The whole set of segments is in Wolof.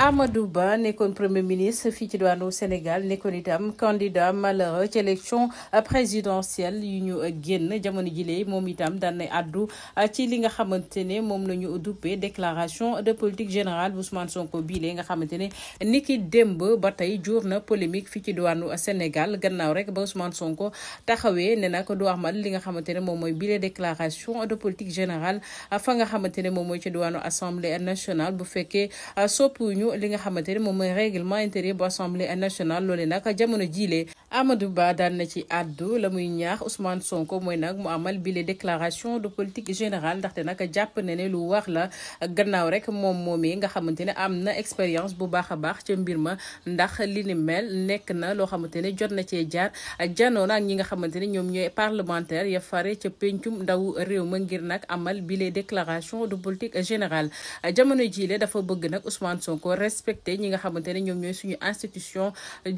Amadou Ba nekkoon premier ministre fii ci diwaanu Sénégal nekkoon itam candidat malheureux ci élection présidentielle yu ñu génn jamono jile moom itam daan na àddu ah, ci li nga xamante ne moom lañu ñu duppee déclaration de politique générale bu Ousmane Sonko biile nga xamante ne ni ki démb ba tey jur na polémique fii ci diwaanu Sénégal gannaaw rek ba Ousmane Sonko taxawee ne nag du amal li nga xamante ne moom mooy biile déclaration de politique générale ah, fa nga xamante ne moom mooy ci diwaanu assemblée nationale bu fekkee ah, soppuñu nañu li nga xamante ni moom mooy règlement intérieur bu assemblée nationale loole nag jamono jiile Amadou Ba daan na ci àddu la muy ñaax Ousmane Sonko mooy nag mu amal bile déclaration de politique générale ndaxte nag na ne lu wax la gannaaw rek moom moomee nga xamante ne am na expérience bu baax a baax ca mbir ma ndax li ni mel nekk na loo xamante ne jot na cee jaar janoona ak ñi nga xamante ne ñoom ñooy parlementaire ya fare ca pencum ndaw réew ma ngir nag amal bile déclaration de politique générale jamono jiile dafa bëgg nag Ousmane Sonko respecté ñi nga xamante ne ñoom ñooy suñu institution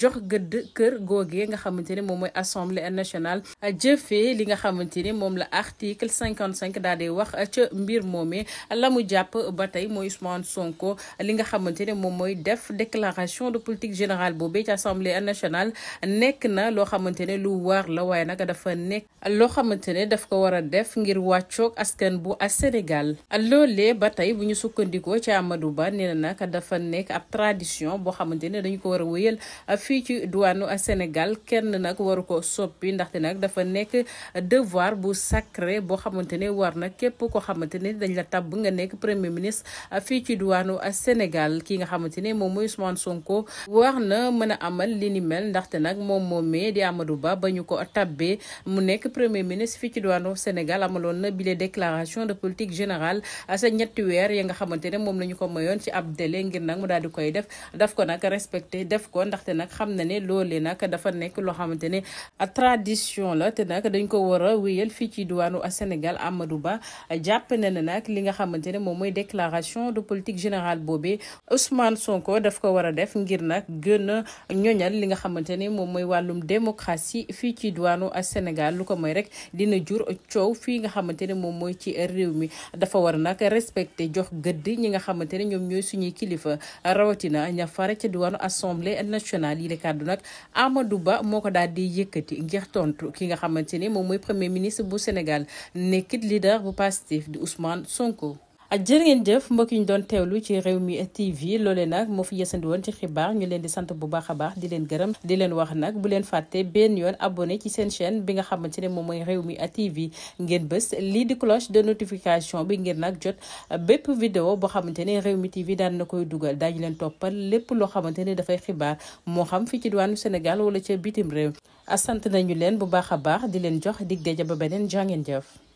jox gëdd kër googee nga xamante ne moom mooy assemblée nationale jëfee li nga xamante ne moom la article cinquante cinq daal di wax ca mbir moomee la mu jàpp ba tey mooy Ousmane Sonko li nga xamante ne moom mooy def déclaration de politique générale boobee ci assemblée nationale nekk na loo xamante ne lu war la waaye nag dafa nekk loo xamante ne daf ko war a def ngir wàccoog askan bu a Sénégal loolee ba tey nekk ab tradition boo xamante ne dañu ko war a wéyal euh, fii ci duwaanu Sénégal kenn nag waru ko soppi ndaxte nag dafa nekk devoir bu sacré boo xamante ne war na képp koo xamante ne dañ la tabb nga nekk premier ministre euh, fii ci duwaanu Sénégal ki nga xamante ne moom mooy Ousmane Sonko war na mën a amal li ni ndaxte nag moom moomee di Amadou Ba ba ñu ko tabbee mu nekk premier ministre fii ci duwaanu Sénégal amaloon na bile déclaration de politique générale euh, sa ñetti weer ya nga xamante ne moom la ko mayoon ci ab délai ngir nag mu daal koy def daf ko nag respecté def ko ndaxte nag xam na ne loolee nag dafa nekk loo xamante ne tradition la te nag dañ ko war a wéyal fii ci diwaanu Sénégal Amadou Ba jàpp na ne nag li nga xamante ne moom mooy déclaration de politique générale boobee Ousmane Sonko daf ko war a def ngir nag gën a ñoñal li nga xamante ne moom mooy wàllum démocratie fii ci diwaanu Sénégal lu ko moy rek dina jur coow fii nga xamante ne moom mooy ci réew mi dafa war nag respecté jox gëdd ñi nga xamante ne ñoom ñooy suñuy kilifa rawatina ña fare ca diwaanu assemblée nationale yi la kàddu nag Amadou Ba moo ko daal di yëkkati ngir tontu ki nga xamante ni moom mooy premier ministre bu Sénégal nekkit leader bu Pastef di Ousmane Sonko. jërë ngeen jëf mbokk yi ñu doon teewlu ci réew mi TV loole nag moo fi yësandi woon ci xibaar ñu leen di sant bu baax a baax di leen gërëm di leen wax nag bu leen fàtte benn yoon abonné ci seen chaîne bi nga xamante ne moom mooy réew mi TV ngeen bës lii di cloche de notification bi ngeen nag jot bépp vidéo boo xamante ne réew mi TV daan na koy dugal daañu leen toppal lépp loo xamante ne dafay xibaar moo xam fii ci diwaanu Sénégal wala ca bitim réew sant nañu leen bu baax a baax di leen jox dig daje ba beneen jàngeen jëf